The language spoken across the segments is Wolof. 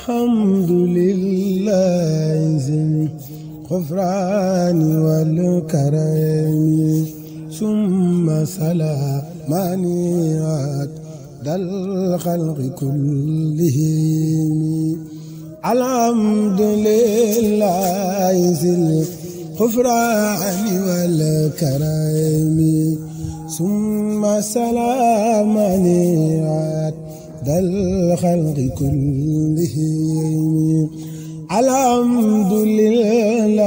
الحمد لله ذي الغفران والكرم ثم سلامني عبد الخلق كلهم الحمد لله ذي الغفران والكرم ثم سلامني عبد ذا الخلق كله الحمد لله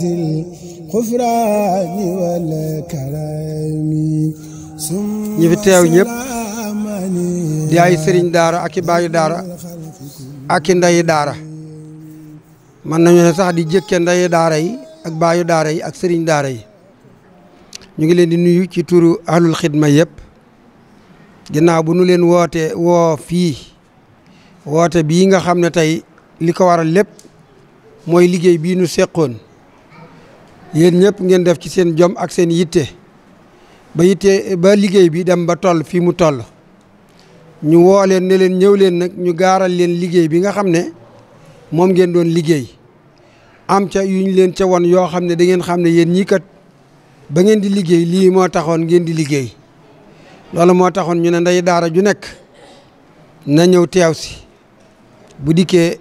ذي الغفران والكرم ñi fi teew ñëpp di ay sëriñ daara ak i daara ak i ndayi daara mën nañu ne sax di jëkke ndayi daara yi ak baayu daara yi ak sëriñ daara yi ñu ngi leen di nuyu ci turu ahlul xidma yëpp ginnaaw bu nu leen woote woo fii woote bii nga xam ne tey li ko waral lépp mooy liggéey bii nu seqoon yéen ñëpp ngeen def ci seen jom ak seen yitte ba yitte ba liggéey bi dem ba toll fii mu toll ñu woo leen ne leen ñëw leen nag ñu gaaral leen liggéey bi nga xam ne moom ngeen doon liggéey am ca yu ñu leen ca woon yoo xam ne dangeen xam ne yéen ñii kat ba ngeen di liggéey lii moo taxoon ngeen di liggéey loolu moo taxoon ñu ne ndey daara ju nekk na ñëw teew si bu dikkee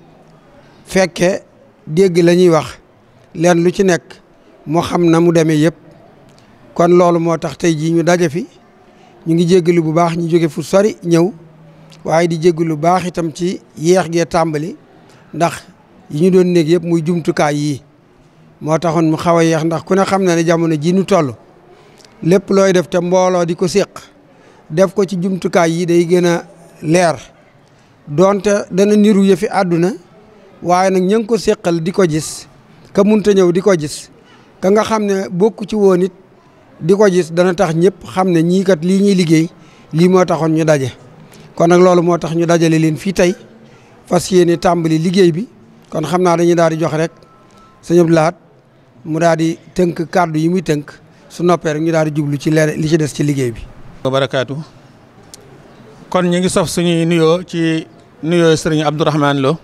fekke dégg la ñuy wax lenn lu ci nekk mu xam na mu demee yëpp kon loolu moo tax tey jii ñu daje fi ñu ngi jéggalu bu baax ñu jóge fu sori ñëw waaye di jéggalu lu baax itam ci yeex gee tàmbali ndax yi ñu doon néeg yëpp muy jumtukaay yii moo taxoon mu xaw a yeex ndax ku ne xam na ne jamono ji ñu toll lépp looy def te mbooloo di ko séq def ko ci jumtukaay yi day gën a leer donte dana niru yëfi àdduna waaye nag ña ngi ko séqal di ko gis ka munta ñëw di ko gis ka nga xam ne bokku ci woon it di ko gis dana tax ñëpp xam ne ñii kat lii ñuy liggéey lii moo taxoon ñu daje kon nag loolu moo tax ñu dajale leen fii tey fas yéene tàmbali liggéey bi kon xam naa dañuy daal di jox rek sëñ Abdou Lahad mu daal di tënk kàddu yi muy tënk su noppee rek ñu daal di jublu ci leer li ci des ci liggéey bi wa barakaatu kon ñu ngi sof suñuy nuyoo ci nuyoo sëriñ Abdourahmane Lo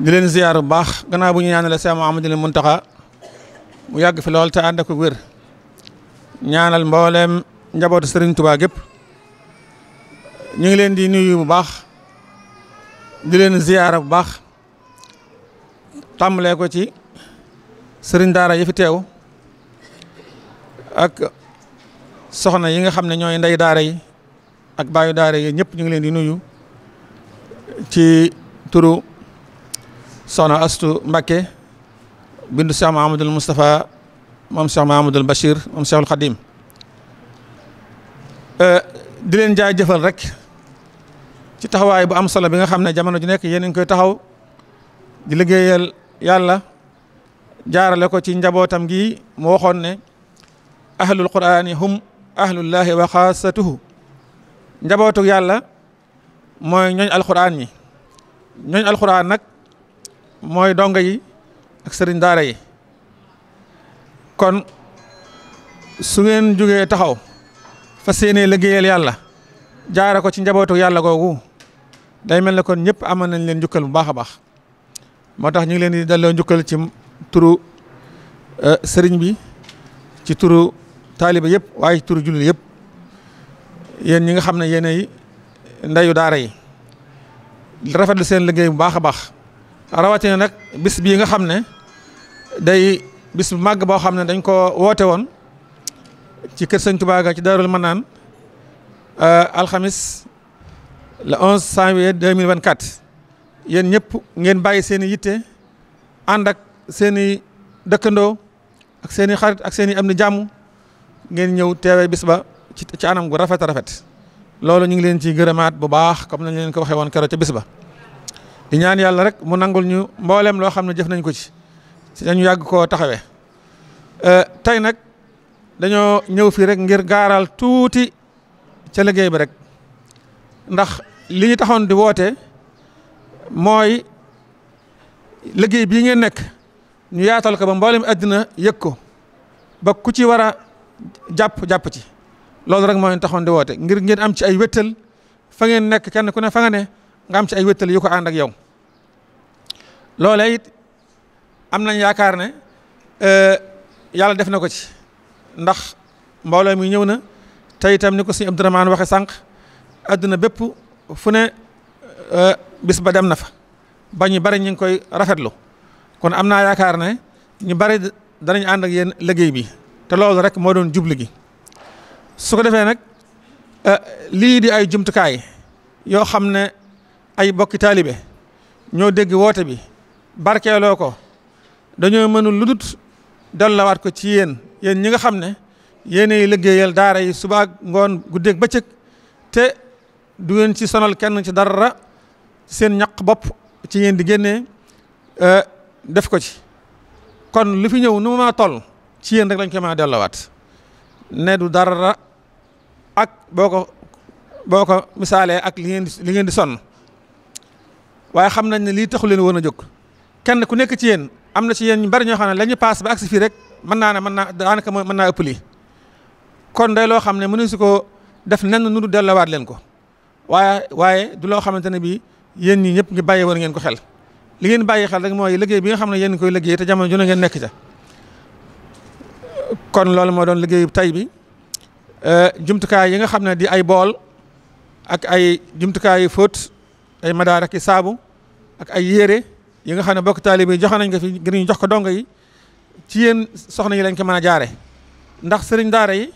di leen ziyaar bu baax gannaaw bu ñu ñaanale Cheikh Mouhamadoul taxa mu yàgg fi lool te ànd ak wér ñaanal mbooleem njabootu sëriñ tubaa gépp ñu ngi leen di nuyu bu baax di leen ziyaara bu baax tàmbalee ko ci sëriñ daara yi teew soxna yi nga xam ne ñooy ndey daara yi ak baayu daara yi ñëpp ñu ngi leen di nuyu ci turu soxna Astu Mbakke bindu Cheikh Mahamadul Moustapha moom Cheikh Mahamadul Bachir moom Cheikhul Khadim euh, di leen jëfal rek ci taxawaay bu am solo bi nga xam ne jamono ju nekk yéen a ngi koy taxaw di liggéeyal yàlla jaarale ko ci njabootam gi mu waxoon ne ahlul quraani hum ahlullahi wa xaasatuhu njabootu yàlla mooy ñooñ alxuraan ñi ñooñ alxuraan nag mooy donga yi ak sëriñ daara yi kon su ngeen jógee taxaw fa séenee liggéeyal yàlla jaara ko ci njabootu yàlla googu day mel ne kon ñëpp amoon nañ leen njukkal bu baax a baax moo tax ñu ngi leen di delloo njukkal ci turu eh, sëriñ bi ci turu taaliba yëpp waaye ci turu jullit yëpp yéen ñi nga xam ne yéenay ndeyu daara yi rafetlu seen liggéey bu baax a baax rawatina nag bis bi yi nga xam ne day bis bu màgg boo xam ne dañ ko woote woon ci kër sëñ Tuubaa ga ci Daarul Manaan euh, alxamis le 11 janvier quate yéen ñëpp ngeen bàyyi seen yitte ànd ak seen i dëkkandoo ak seen xarit ak seen i am na jàmm ngeen ñëw teewee bis ba ci anam gu rafet a rafet loolu ñu ngi leen ciy gërëmaat bu baax comme nañ leen ko waxee woon keroog ca bis ba di ñaan yàlla rek mu nangul ñu mbooleem loo xam ne jëf nañ ko ci si dañu yàgg koo taxawe euh, tey nag dañoo ñëw fii rek ngir gaaral tuuti ca liggéey bi rek ndax li ñu taxoon di woote mooy liggéey bii ngeen nekk ñu yaatal ko ba mboolem àddina yëg ko ba ku ci jàpp jàpp ci loolu rek moo taxoon di woote ngir ngeen am ci ay wéttal fa ngeen nekk kenn ku ne fa nga ne nga am ci ay wéttal yu ko ànd ak yow loole it am nañ yaakaar ne e, yàlla def na ko ci ndax mbooloo mi ñëw na te itam ni ko suñu Abdourahmane waxe sànq àdduna bépp fune ne e, bis ba dem na fa ba ñu bari ñu ngi koy rafetlu kon am naa yaakaar ne ñu bari danañ ànd ak yéen liggéey bi te loolu rek moo doon jublu gi su ko defee nag eh, lii di ay jumtukaay yoo xam ne ay bokki taalibe ñoo dégg woote bi barkeeloo ko dañoo mënul ludut delluwaat ko ci yéen yéen ñi nga xam ne yéenay liggéeyal daara yi subaak ngoon guddeeg bëccëg te du ngeen ci sonal kenn ci dara seen ñaq bopp ci ngeen di génnee eh, def ko ci kon lu fi ñëw nu ma toll ci yéen rek lañ koy mën a delloowaat ne du dara ak boo ko boo ko misaalee ak li ngeen di li ngeen di sonn waaye xam nañ ne lii taxu leen woon a jóg kenn ku nekk ci yéen am na ci yéen ñu bari ñoo xam ne la ñu paas ba si fii rek mën na ne mën naa daanaka mën naa ëpp lii kon day loo xam ne mu mënu si ko def nenn nu du delloowaat leen ko waaye waaye du loo xamante ne bii yéen ñi ñëpp ngi bàyyi woon ngeen ko xel li ngeen bàyyi xel rek mooy liggéey bi nga xam ne yéen koy liggéey te jamono ngeen nekk ca kon loolu moo doon liggéeyu tay bi euh, jumtukaay yi nga xam ne di ay bool ak ay jumtukaay yu fóot ay madaar saabu ak ay yére yi nga xam ne bokk taalibe yi joxe nañ ko fi ngir ñu jox ko dongo yi ci yéen soxna yi lañ ko mën a jaare ndax sëriñ daara yi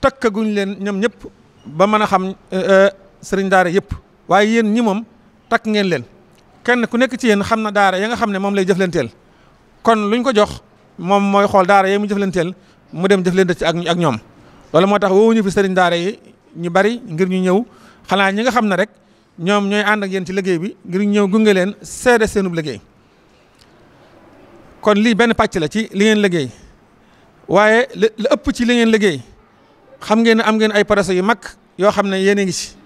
takkaguñ leen ñoom ñëpp ba mën a xam euh, euh, sëriñ daara yëpp waaye yéen ñi moom takk ngeen leen kenn ku nekk ci yéen xam na daara ya nga xam ne moom lay jëflanteel kon luñ ko jox moom mooy xool daara yi mu jëflanteel mu dem jëflante ci ak ak ñoom loolu moo tax woowuñu fi sëriñ daara yi ñu bari ngir ñu ñëw xanaa ñi nga xam ne rek ñoom ñooy ànd ak yéen ci liggéey bi ngir ñëw gunge leen seede seenub liggéey kon lii benn pàcc la ci li ngeen liggéey waaye la ëpp ci li ngeen liggéey xam ngeen ne am ngeen ay parase yu mag yoo xam ne yéen a ngi ci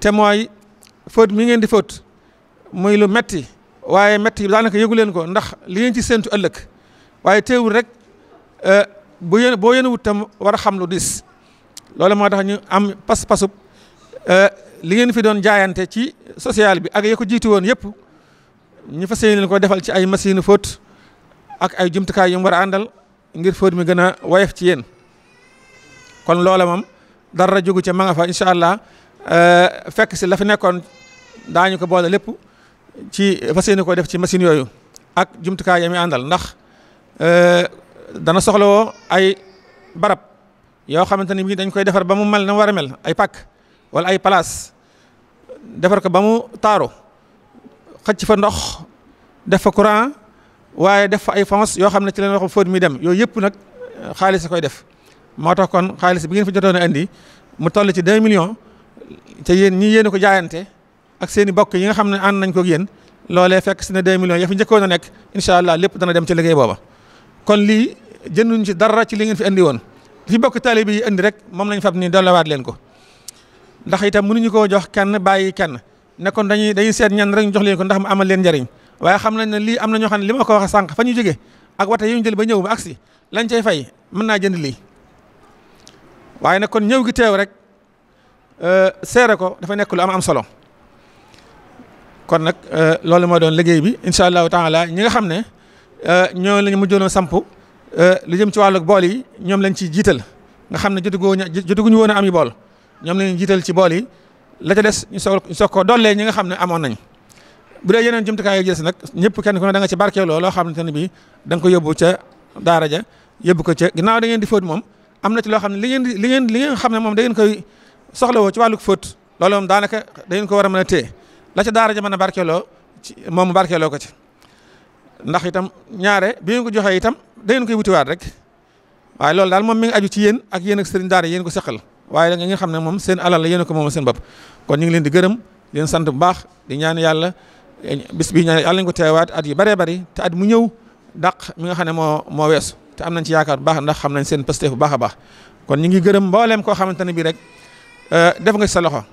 te mooy fóot mi ngeen di fóot muy lu metti waaye metti daanaka yëgu leen ko ndax li ngeen ci séentu ëllëg waaye teewul rek euh, bu yéen boo yéen wut war a xam lu dis loolu moo tax ñu am pas-pasub euh, li ngeen fi doon jaayante ci social bi ak ya ko jiitu woon yëpp ñu fas yéene leen ko defal ci ay machine fóot ak ay jumtukaay yu mu war a àndal ngir fóot mi gën a woyof ci yéen kon loola moom dara jógu ca ma nga fa incha allah euh, fekk si la fi nekkoon daañu ko boole lépp ci fas yéene ko def ci machine yooyu ak jumtukaay ya muy àndal ndax. Euh, dana soxlawoo ay barab yoo xamante ni bii dañ koy defar ba mu mel na war a mel ay pàkk wala ay place defar ko ba mu taaru xëcc fa ndox def fa courant waaye def fa ay fonds yoo xam ne ci leen wax fóot mi dem yooyu yëpp nag euh, xaalis a koy def moo tax kon xaalis bi ngeen fi jotoon a indi mu toll ci 2 millions te yéen ñi yéen ko jaayante ak seen i bokk yi nga xam ne ànd nañ ko yen yéen loolee fekk si ne 2 millions ya fi njëkkoon nekk incha allah lépp dana dem ci liggéey booba. kon lii jënduñ ci dara ci li ngeen fi andi woon li fi bokk taalibe yi andi rek moom lañ fab nii dolliwaat leen ko ndax itam mënuñu ko jox kenn bàyyi kenn ne dañuy dañuy seet ñan rek ñu jox leen ko ndax mu amal leen njariñ waaye xam nañ ne lii am na ñoo xam ne li ma ko waxee sànq fa ñu jógee ak wata yu ñu jël ba ñëw ba agsi lañ cay fay mën naa jënd lii waaye nag kon ñëw gi teew rek euh, seere ko dafa nekk lu am am solo kon nag euh, loolu moo doon liggéey bi incha allahu taala ñi nga xam ne Euh, ñoo lañ mujjoon a samp euh, lu jëm ci wàllug bool yi ñoom lañ ci jiital nga xam ne jotugoo jotuguñu woon a am yi bool ñoom lañ jiital ci bool yi la ca des ñu soog ñu dollee ñi nga xam ne amoon nañ bu dee yeneen jumtukaay yi des nag ñëpp kenn ku ne ci barkeeloo loo xam ne bi da ko yóbbu ca daara ja yóbbu ko ca ginnaaw da ngeen di fóot moom am na ci loo xam ne li ngeen li ngeen li ngeen xam ne moom da ngeen koy ci wàllug fóot loolu moom daanaka da ngeen ko war a mën a téye la ca daara ja mën a barkeeloo ci moom barkeeloo ko ci ndax itam ñaare bi ngeen ko joxee itam da ngeen koy wutiwaat rek waaye loolu daal moom mi ngi aju ci yéen ak yéen ak sëriñ daara yéen ko seqal waaye da nga xam ne moom seen alal la yéen ko moom seen bopp kon ñu ngi leen di gërëm di leen sant bu baax di ñaan yàlla eh, bi ñaan yàlla ñu ko teewaat at yu bëree bëri te at mu ñëw dàq mi nga xam ne moo moo weesu te am nañ ci yaakaar bu baax ndax xam nañ seen pasteef bu baax a baax kon ñu ngi gërëm mbooleem ko xamante ne bii rek eh, def nga ci sa loxo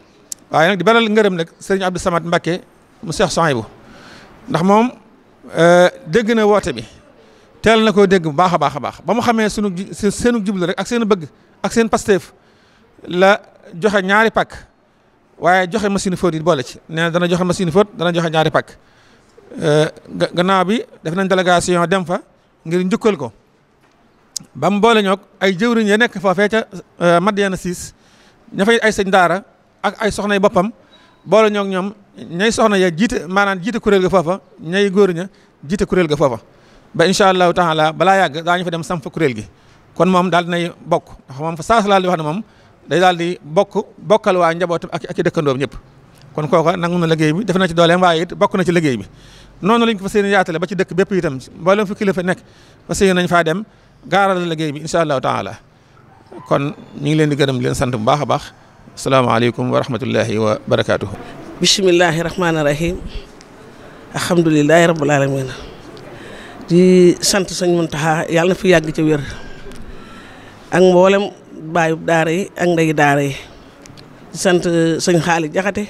waaye nag di beral ngërëm nag sëriñ Abdou Samad Mbacké mu Cheikh Souhaïbou ndax moom Euh, dégg na woote bi teel na ko dégg bu baax a baax a baax ba mu xamee sunu seenu jublu rek ak seen bëgg ak seen pasteef la joxe ñaari pàkk waaye joxe machine fóot yi boole ci nee dana joxe machine fóot dana joxe ñaari pàkk euh, gannaaw bi def nañ délégation dem fa ngir njukkal ko ba mu boole ñoog ay jëwriñ ya nekk foofee ca euh, Madiana siis ña fay ay sëñ daara ak ay soxnay boppam. boole ñoog ñoom ñay soxna ya jiite maanaan jiite kuréel ga foofa ñay góor ña jiite kuréel ga foofa ba incha allahu taala balaa yàgg daañu fa dem samp kuréel gi kon moom daal dinay bokk ndax moom fa saas laal di wax ne moom day daal di bokk bokkal waa njabootam ak ak i dëkkandoom ñëpp kon kooka nangu na liggéey bi def na ci dooleem waaye it bokk na ci liggéey bi noonu lañ ko fas yéene yaatale ba ci dëkk bépp itam mboolem fu fa nekk fas yéene nañ faa dem gaaral liggéey bi incha allahu taala kon ñu ngi leen di gërëm leen sant bu baax a baax salaamaaleykum wa rahmatullahi wa barakaatuhu. bisimilahi rahmaani rahim alhamdulilahi rabbil di sant sëñ Muntaxa yàlla na fi yàgg ca wér ak mboolem baayu daara yi ak ndeyu daara yi sant sëñ Xaali Jaxate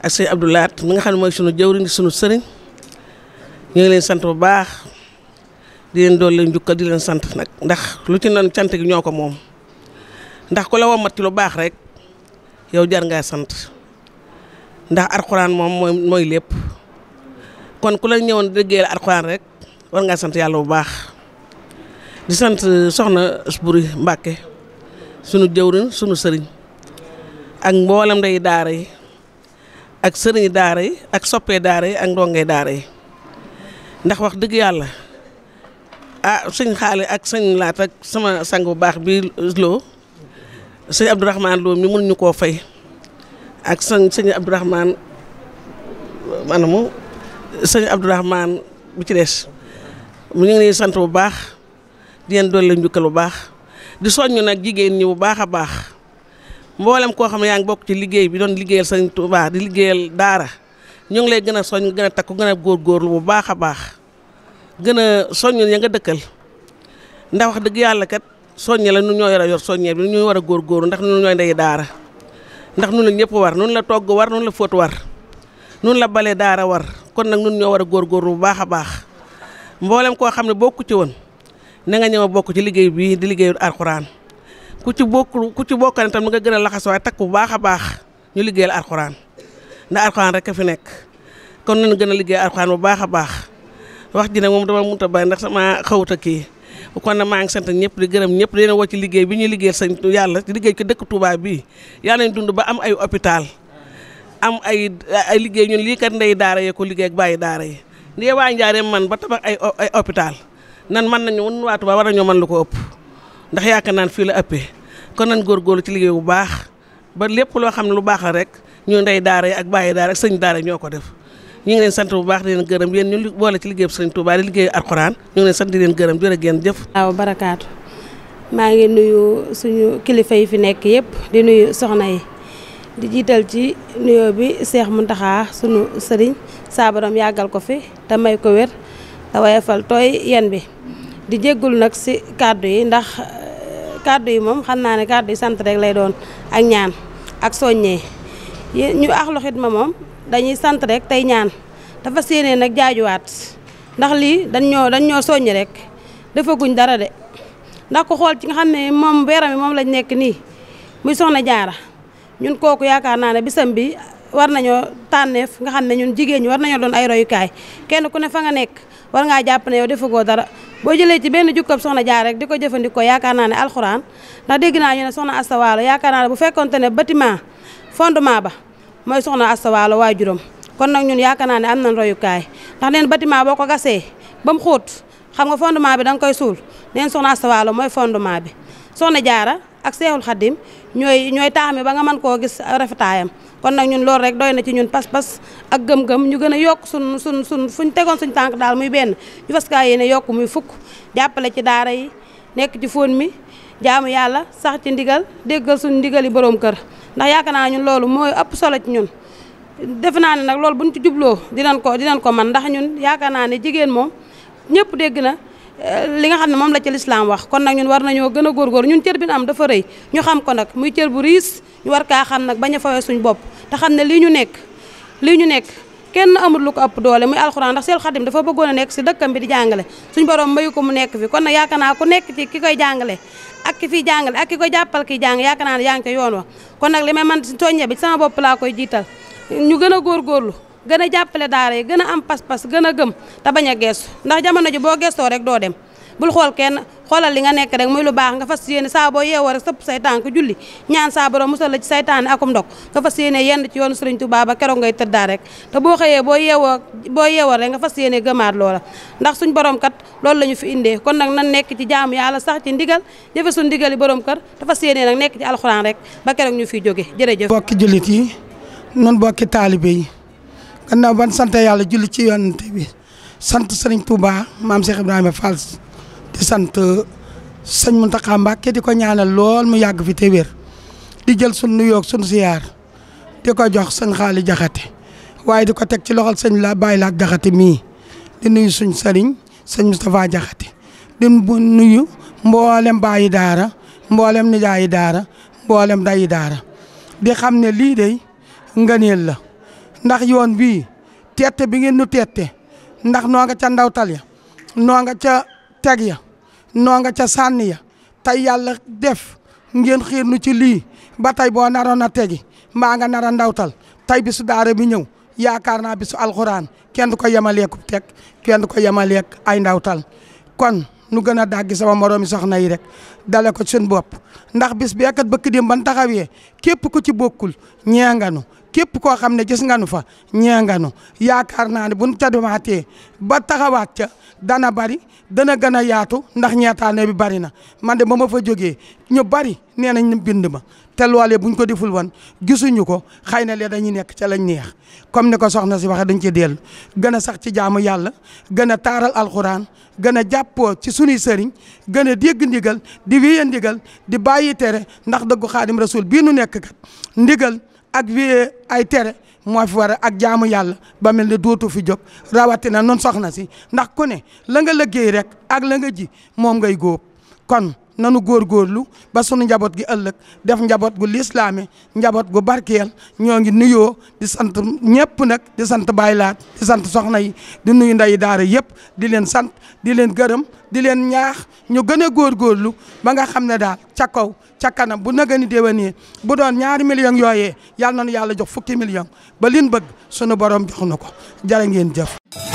ak sëñ Abdoulaat mi nga xam ne mooy sunu jëwriñ sunu sëriñ ñu ngi leen sant bu baax di leen dool leen njukkal di leen sant nag ndax lu ci noonu cant gi ñoo ko moom ndax ku la womat ci lu baax rek yow jar ngaa sant ndax alxuraan moom mooy mooy lépp kon ku la ñëwoon déggee la alxuraan rek war ngaa sant yàlla bu baax di sant soxna Asburi Mbàkke sunu jëwriñ sunu sëriñ ak mboolem day daara yi ak sëriñ daara yi ak soppee daara yi ak ndonge daara yi ndax wax dëgg yàlla ah sëñ xaale ak sëñ laat ak sama sang bu baax bi loo sëñ Abdourahman Lo mi ñu koo fay ak sëñ sëñ Abdourahman maanaam sëñ Abdourahman bu ci des mu ngi leen sant bu baax di leen doole njukkal bu baax di soññu nag jigéen ñi bu baax a baax mboolem koo xam ne yaa ngi bokk ci liggéey bi doon liggéeyal sëñ Touba di liggéeyal daara ñoo ngi lay gën a soñ soññ gën a takku gën a góorgóorlu bu baax a baax gën a soññ ya nga dëkkal ndax wax dëgg yàlla kat. soññe la nu ñoo war a yor soññe bi ñuy war a góor góorgóorlu ndax nun ñooy ndey daara ndax nun la ñëpp war nun la togg war nun la fóot war nun la bale daara war kon nag nun ñoo war a góor góor bu baax a baax mboolem koo xam ne bokku ci woon na nga ñëw a bokk ci liggéey bii di liggéeyu alxuraan ku ci bokk ku ci bokkane tam nga gën a laxas waaye takk bu baax a baax ñu liggéeyal alxuraan ndax alxuraan rek fi nekk kon nañu gën a liggéey alxuraan bu baax a baax wax ji nag moom dama mënut a bàyyi ndax sama xawut a kii kon na maa ngi sant ñëpp di gërëm ñëpp dina woo ci liggéey bi ñuy liggéeyal sañ yàlla liggéey ko dëkk Touba bii yàlla nañ dund ba am ay hôpital am ay ay liggéey ñun lii kat daara yee ko liggéey ak bàyyi daara yi ndee waa Njaareem man ba tabax ay ay nan man nañu wun waa Touba war nañoo mën lu ko ëpp ndax yaakaar naan fii la ëppee kon nañ góorgóorlu ci liggéey bu baax ba lépp loo xam ne lu baax la rek ñu ndey daara yi ak bàyyi daara ak sëñ daara ñoo ko def ñu ngi leen sant bu baax di leen gërëm yéen ñu boole ci liggéey Sëriñ Touba liggéey Alxuraan ñu ngi leen sant di leen gërëm jërë ngeen jëf waaw barakaatu maa ngi nuyu suñu kilifa yi fi nekk yëpp di nuyu soxna yi di jiital ci nuyoo bi mu Mountakha suñu sëriñ saa borom yàggal ko fi te may ko wér te tooy yen bi di jéggul nag si kàddu yi ndax eh, kàddu yi moom xam naa ne kàddu yi sant rek lay doon ak ñaan ak soññee ñu Ahlu Xidma moom dañuy sant rek tey ñaan dafa séenee nag jaajuwaat ndax lii dañ ñoo dañ ñoo soññ rek defaguñ dara de ndax ku xool ci nga xam ne moom weerami moom lañ nekk nii muy soxna jaara ñun kooku yaakaar naa ne bisam bi war nañoo tànneef nga xam ne ñun jigéen ñi war nañoo doon ay royukaay kenn ku ne fa nga nekk war ngaa jàpp ne yow defagoo dara boo jëlee ci benn jukkab soxna jaar rek di ko jëfandikoo yaakaar naa ne alxuraan ndax dégg naa ñu ne soxna astawaalo yaakaar naa ne bu fekkonte ne bâtiment fondement ba mooy soxna Asta Waalo waajuram kon nag ñun yaakaar naa ne am na royukaay ndax neen bâtiment boo ko gasee ba mu xóot xam nga fondement bi da nga koy suul neen soxna Asta Waalo mooy fondement bi soxna jaara ak seexul xaddim ñooy ñooy taxame ba nga mën koo gis rafetaayam kon nag ñun loolu rek doy na ci ñun pas-pas ak gëm-gëm ñu gën a yokk sun sun sun fuñ tegoon suñ tànk daal muy benn ñu fas kaa yéene yokk muy fukk jàppale ci daara yi nekk ci fóon mi jaamu yàlla sax ci ndigal déggal suñu ndigali borom kër ndax yaakaar naa ñun loolu mooy ëpp solo ci ñun. defe naa ne nag loolu buñ ci jubloo dinañ ko dinañ ko man ndax ñun yaakaar naa ne jigéen moom ñëpp dégg na eh, li nga xam ne moom la ci lislaam wax kon nag ñun war nañoo gën a góorgóor ñun cër bi ñu am dafa rëy ñu xam ko nag muy cër bu riis ñu war kaa xam nag bañ a fawee suñu bopp te xam ne lii ñu nekk lii ñu nekk kenn amul lu ko ëpp doole muy alxuraan ndax seel xadim dafa bëggoon a nekk si dëkkam bi di jàngale suñu borom mayu ko mu nekk fi kon nag yaakaar ku nekk ci ki koy jàngale ak ki fiy ak ki koy jàppal ki jàng yaakaar naa ne yaa ngi ca yoon wa kon nag li may man tooññe bi sama bopp laa koy jiital ñu gën a góor góorgóorlu gën a jàppale daara yi gën a am pas-pas gën a gëm te bañ a gees ndax jamono ji boo geestoo rek doo dem bul xool kenn xoolal li nga nekk rek muy lu baax nga fas yéene saa boo yeewoo rek sëpp say tànk julli ñaan saa borom musal la ci saytaane akum ndog nga fas yéene yenn ci yoonu Sëriñ Tuubaa ba keroog ngay tëddaa rek te boo xëyee boo yeewoo boo yeewoo rek nga fas yéene gëmaat loola ndax suñ borom kat loolu la ñu fi indee kon nag nan nekk ci jaamu yàlla sax ci ndigal jëfe suñ ndigal borom kër te fas yéene nag nekk ci alxuraan rek ba keroog ñu fiy jóge jërëjëf bokki jullit yi noonu bokki taalibe yi gannaaw ban sant yàlla julli ci yonent sant Sëriñ Tuubaa maam Cheikh Ibrahima Fall di sant sëñ Mountakha Mbacké di ko ñaanal lool mu yàgg fi wér di jël sun nuyoog sun siyaar di ko jox sëñ Xaali Jaxate waaye di ko teg ci loxol sëñ laa Baye Laat Jaxate mii di nuyu suñ sëriñ sëñ Moustapha Jaxate di nuyu mboolem baayi daara mboolem nijaayi daara mboolem dayi daara di xam ne lii de ngëneel la ndax yoon bii teete bi ngeen nu teete ndax noo ca ndawtal ya noo ca teg ya noo nga ca sànni ya tey yàlla def ngeen xiir nu ci lii ba tey boo naroon a tegi mbaa nga nar a ndawtal tey bisu daara bi ñëw yaakaar naa bisu alxuraan kenn du ko yemaleeku teg kenn du ko yemaleek ay ndawtal kon nu gën a dàggi sama moroomi soxna yi rek dale ko suñu bopp ndax bis beekat bëkk dim ban taxawee képp ko ci bokkul ñeenganu képp koo xam ne gis nga nu fa ñee nga nu yaakaar naa ne buñ ca demaatee ba taxawaat ca dana bari dana gën a yaatu ndax ñeetaane bi bari na man de ba ma fa jógee ñu bari nee nañ bind ma te loolee buñ ko deful woon gisuñu ko xëy na lee dañuy nekk ca lañ neex comme ni ko soxna si waxee dañ ci dellu gën a sax ci jaamu yàlla gën a taaral alxuraan gën a jàppoo ci sunuy sëriñ gën a dégg di wiya ndigal di bàyyi tere ndax dëggu xaadim rasul bii nu nekk ndigal ak wi ay tere moo fi war ak jaamu yàlla ba mel ne dootu fi jóg rawatina noonu soxna si ndax ku ne la nga liggéey rek ak la nga ji moom ngay góob kon nanu lu ba sunu njaboot gi ëllëg def njaboot gu lislaame njaboot gu barkeel ñoo ngi nuyoo di sant ñëpp nag di sant baylaat di sant soxna yi di nuyu ndeyu daara yëpp di leen sant di leen gërëm di leen ñaax ñu gën a góorgóorlu ba nga xam ne daal ca kaw ca kanam bu naga ni déwénee bu doon ñaari millions yooyee yàlla na nu yàlla jox fukki million ba liñ bëgg sunu borom jox na ko jërë ngeen jëf.